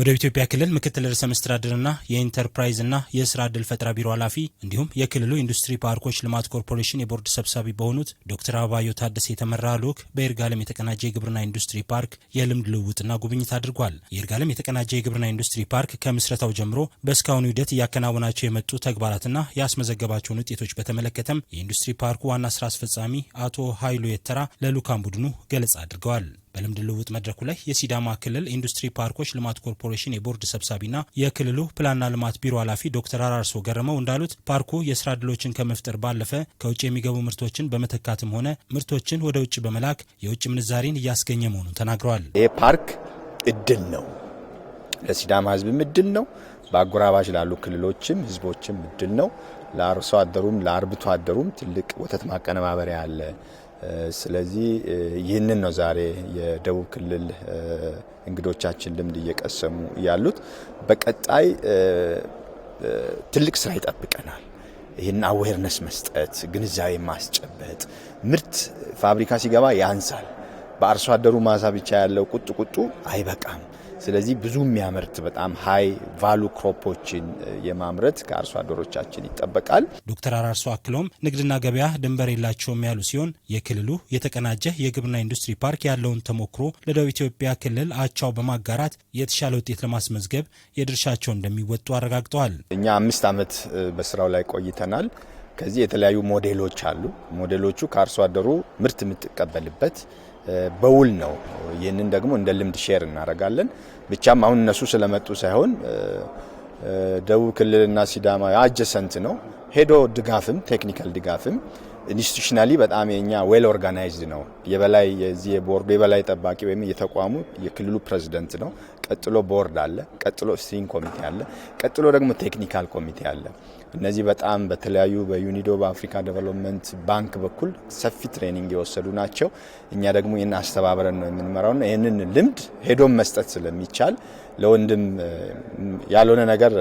ወደ ኢትዮጵያ ክልል ምክትል ርዕሰ መስተዳድርና የኢንተርፕራይዝና የስራ ዕድል ፈጠራ ቢሮ ኃላፊ እንዲሁም የክልሉ ኢንዱስትሪ ፓርኮች ልማት ኮርፖሬሽን የቦርድ ሰብሳቢ በሆኑት ዶክተር አበባዮ ታደሰ የተመራ ልዑክ በይርጋለም የተቀናጀ የግብርና ኢንዱስትሪ ፓርክ የልምድ ልውውጥና ጉብኝት አድርጓል። የይርጋለም የተቀናጀ የግብርና ኢንዱስትሪ ፓርክ ከምስረታው ጀምሮ በእስካሁኑ ሂደት እያከናወናቸው የመጡ ተግባራትና ያስመዘገባቸውን ውጤቶች በተመለከተም የኢንዱስትሪ ፓርኩ ዋና ስራ አስፈጻሚ አቶ ኃይሉ የተራ ለልዑካን ቡድኑ ገለጻ አድርገዋል። በልምድ ልውውጥ መድረኩ ላይ የሲዳማ ክልል ኢንዱስትሪ ፓርኮች ልማት ኮርፖሬሽን የቦርድ ሰብሳቢና የክልሉ ፕላንና ልማት ቢሮ ኃላፊ ዶክተር አራርሶ ገረመው እንዳሉት ፓርኩ የስራ እድሎችን ከመፍጠር ባለፈ ከውጭ የሚገቡ ምርቶችን በመተካትም ሆነ ምርቶችን ወደ ውጭ በመላክ የውጭ ምንዛሬን እያስገኘ መሆኑን ተናግረዋል። ይህ ፓርክ እድል ነው፣ ለሲዳማ ህዝብም እድል ነው፣ በአጎራባች ላሉ ክልሎችም ህዝቦችም እድል ነው። ለአርሶ አደሩም ለአርብቶ አደሩም ትልቅ ወተት ማቀነባበሪያ አለ። ስለዚህ ይህንን ነው ዛሬ የደቡብ ክልል እንግዶቻችን ልምድ እየቀሰሙ ያሉት። በቀጣይ ትልቅ ስራ ይጠብቀናል። ይህን አዌርነስ መስጠት፣ ግንዛቤ ማስጨበጥ። ምርት ፋብሪካ ሲገባ ያንሳል። በአርሶ አደሩ ማሳ ብቻ ያለው ቁጡ ቁጡ አይበቃም። ስለዚህ ብዙ የሚያመርት በጣም ሀይ ቫሉ ክሮፖችን የማምረት ከአርሶ አደሮቻችን ይጠበቃል። ዶክተር አራርሶ አክለውም ንግድና ገበያ ድንበር የላቸውም ያሉ ሲሆን የክልሉ የተቀናጀ የግብርና ኢንዱስትሪ ፓርክ ያለውን ተሞክሮ ለደቡብ ኢትዮጵያ ክልል አቻው በማጋራት የተሻለ ውጤት ለማስመዝገብ የድርሻቸው እንደሚወጡ አረጋግጠዋል። እኛ አምስት ዓመት eh, በስራው ላይ ቆይተናል። ከዚህ የተለያዩ ሞዴሎች አሉ። ሞዴሎቹ ከአርሶ አደሩ ምርት የምትቀበልበት በውል ነው። ይህንን ደግሞ እንደ ልምድ ሼር እናደርጋለን። ብቻም አሁን እነሱ ስለመጡ ሳይሆን ደቡብ ክልልና ሲዳማ አጀሰንት ነው። ሄዶ ድጋፍም ቴክኒካል ድጋፍም ኢንስቲቱሽናሊ በጣም የኛ ዌል ኦርጋናይዝድ ነው። የበላይ የዚህ የቦርዱ የበላይ ጠባቂ ወይም የተቋሙ የክልሉ ፕሬዚደንት ነው። ቀጥሎ ቦርድ አለ፣ ቀጥሎ ስቲሪንግ ኮሚቴ አለ፣ ቀጥሎ ደግሞ ቴክኒካል ኮሚቴ አለ። እነዚህ በጣም በተለያዩ በዩኒዶ በአፍሪካ ዴቨሎፕመንት ባንክ በኩል ሰፊ ትሬኒንግ የወሰዱ ናቸው። እኛ ደግሞ ይህን አስተባብረን ነው የምንመራውና ይህንን ልምድ ሄዶም መስጠት ስለሚቻል ለወንድም ያልሆነ ነገር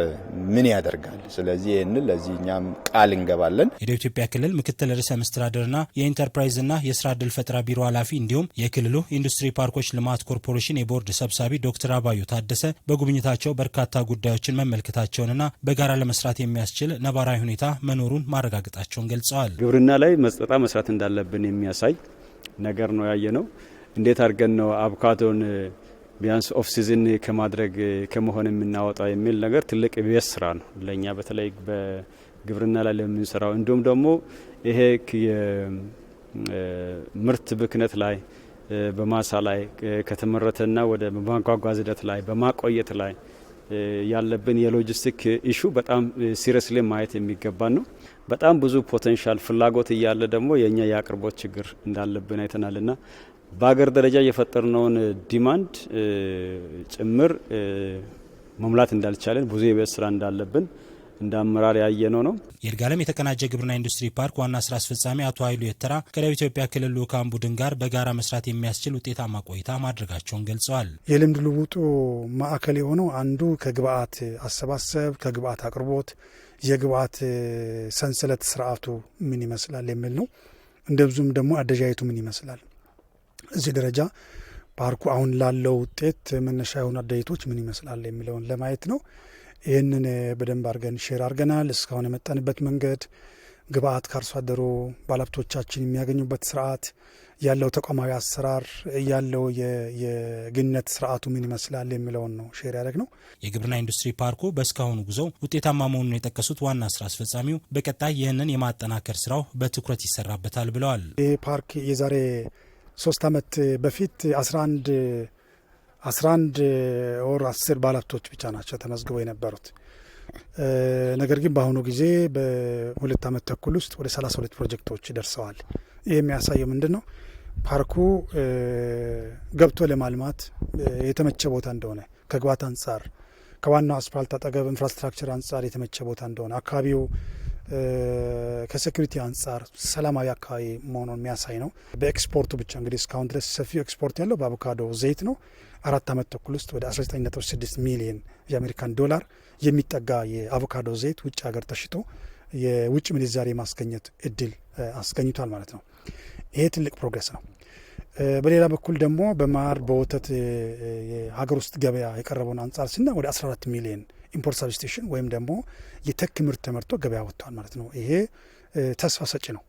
ምን ያደርጋል? ስለዚህ ይህን ለዚህ እኛም ቃል እንገባለን። ወደ ኢትዮጵያ ክልል ምክትል ርዕሰ መስተዳደርና የኢንተርፕራይዝና የስራ እድል ፈጠራ ቢሮ ኃላፊ እንዲሁም የክልሉ ኢንዱስትሪ ፓርኮች ልማት ኮርፖሬሽን የቦርድ ሰብሳቢ ዶክተር አባዩ አለማየሁ ታደሰ በጉብኝታቸው በርካታ ጉዳዮችን መመልከታቸውንና በጋራ ለመስራት የሚያስችል ነባራዊ ሁኔታ መኖሩን ማረጋገጣቸውን ገልጸዋል። ግብርና ላይ መስጠጣ መስራት እንዳለብን የሚያሳይ ነገር ነው ያየ ነው። እንዴት አድርገን ነው አቮካዶን ቢያንስ ኦፍ ሲዝን ከማድረግ ከመሆን የምናወጣ የሚል ነገር ትልቅ ቤት ስራ ነው ለእኛ በተለይ በግብርና ላይ ለምንሰራው እንዲሁም ደግሞ ይሄ ምርት ብክነት ላይ በማሳ ላይ ከተመረተና ወደ ማጓጓዝ ሂደት ላይ በማቆየት ላይ ያለብን የሎጂስቲክ ኢሹ በጣም ሲሪየስሊ ማየት የሚገባን ነው። በጣም ብዙ ፖቴንሻል ፍላጎት እያለ ደግሞ የእኛ የአቅርቦት ችግር እንዳለብን አይተናል ና በሀገር ደረጃ የፈጠርነውን ዲማንድ ጭምር መሙላት እንዳልቻለን ብዙ የቤት ስራ እንዳለብን እንደ አመራር ያየነው ነው። የይርጋለም የተቀናጀ ግብርና ኢንዱስትሪ ፓርክ ዋና ስራ አስፈጻሚ አቶ ኃይሉ የተራ ከደቡብ ኢትዮጵያ ክልል ልዑካን ቡድን ጋር በጋራ መስራት የሚያስችል ውጤታማ ቆይታ ማድረጋቸውን ገልጸዋል። የልምድ ልውጡ ማዕከል የሆነው አንዱ ከግብአት አሰባሰብ፣ ከግብአት አቅርቦት፣ የግብአት ሰንሰለት ስርዓቱ ምን ይመስላል የሚል ነው። እንደብዙም ደግሞ አደረጃጀቱ ምን ይመስላል እዚህ ደረጃ ፓርኩ አሁን ላለው ውጤት መነሻ የሆኑ አደረጃጀቶች ምን ይመስላል የሚለውን ለማየት ነው። ይህንን በደንብ አድርገን ሼር አድርገናል። እስካሁን የመጣንበት መንገድ ግብአት ከአርሶ አደሩ ባለሀብቶቻችን የሚያገኙበት ስርዓት ያለው ተቋማዊ አሰራር ያለው የግነት ስርዓቱ ምን ይመስላል የሚለውን ነው ሼር ያደግ ነው። የግብርና ኢንዱስትሪ ፓርኩ በእስካሁኑ ጉዞው ውጤታማ መሆኑን የጠቀሱት ዋና ስራ አስፈጻሚው በቀጣይ ይህንን የማጠናከር ስራው በትኩረት ይሰራበታል ብለዋል። ይህ ፓርክ የዛሬ ሶስት ዓመት በፊት 11 11 ወር 10 ባለሀብቶች ብቻ ናቸው ተመዝግበው የነበሩት። ነገር ግን በአሁኑ ጊዜ በሁለት ዓመት ተኩል ውስጥ ወደ ሁለት ፕሮጀክቶች ደርሰዋል። ይህ የሚያሳየው ምንድን ነው? ፓርኩ ገብቶ ለማልማት የተመቸ ቦታ እንደሆነ ከግባት አንጻር ከዋናው አስፋልት አጠገብ ኢንፍራስትራክቸር አንጻር የተመቸ ቦታ እንደሆነ አካባቢው ከሴኩሪቲ አንጻር ሰላማዊ አካባቢ መሆኑን የሚያሳይ ነው። በኤክስፖርቱ ብቻ እንግዲህ እስካሁን ድረስ ሰፊው ኤክስፖርት ያለው በአቮካዶ ዘይት ነው። አራት ዓመት ተኩል ውስጥ ወደ 19.6 ሚሊዮን የአሜሪካን ዶላር የሚጠጋ የአቮካዶ ዘይት ውጭ ሀገር ተሽጦ የውጭ ምንዛሬ ማስገኘት እድል አስገኝቷል ማለት ነው። ይሄ ትልቅ ፕሮግረስ ነው። በሌላ በኩል ደግሞ በማር በወተት የሀገር ውስጥ ገበያ የቀረበውን አንጻር ስና ወደ 14 ሚሊዮን ኢምፖርት ሰብስቴሽን ወይም ደግሞ የተክ ምርት ተመርቶ ገበያ ወጥተዋል ማለት ነው። ይሄ ተስፋ ሰጪ ነው።